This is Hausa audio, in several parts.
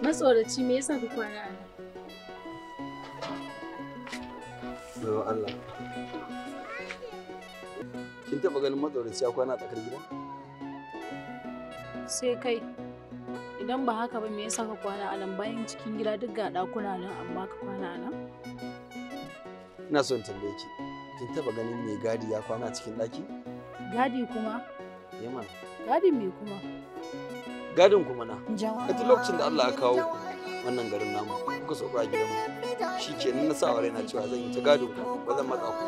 Matsoraci me yasa ka kwana a nan? Don Allah. Kin taɓa ganin matsoraci ya kwana a tsakar gida? Sai kai. Idan ba haka ba me yasa ka kwana a nan bayan cikin gida duk ga ɗakuna nan amma ka kwana a nan? Ina son tambaye ki. Kin taɓa ganin me gadi ya kwana a cikin ɗaki? Gadi kuma? Yaman. Eh gadi me kuma? gadin kuma na ka duk lokacin da Allah ya kawo wannan garin namu kuka sauka gidanmu shi ke na sa wa raina cewa zan yi ta gadin ku ba zan matsa ku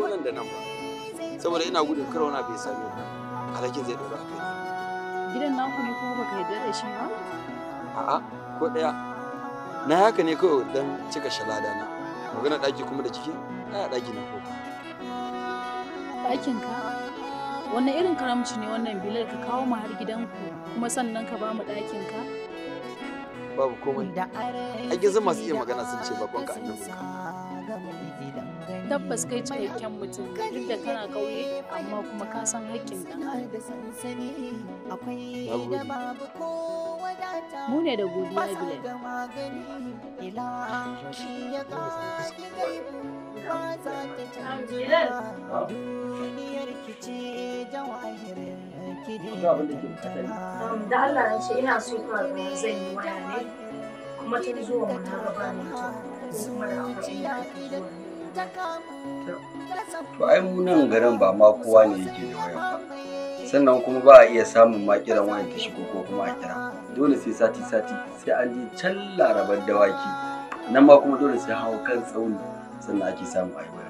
ko nan da nan ba saboda ina gudun kar wani bai same ba alhakin zai dora kai gidan naku ne kuma baka yarda da shi ba a'a ko daya na haka ne kawai dan cika shalada na magana daki kuma da ciki ɗaya daki na kofa ɗakin ka wannan irin karamci ne wannan bilal ka kawo mu har gidanku kuma sannan ka ba mu ɗakin ka babu komai a gizin masu iya magana sun ce babban ka annabin ka tabbas kai cikakken mutum duk da kana kauye amma kuma ka san haƙƙin ka mu ne da godiya bilal da Allah ya ce ina so ka zan yi waya ne kuma ta zuwa mu na gaba ne ta kuma da akwai da To ai mu nan garin ba ma kowa ne yake da waya ba. Sannan kuma ba a iya samun ma kiran wayan ta shigo ko kuma a kira. Dole sai sati sati sai an je can larabar dawaki. Nan ma kuma dole sai hawo kan tsauni sannan ake samu a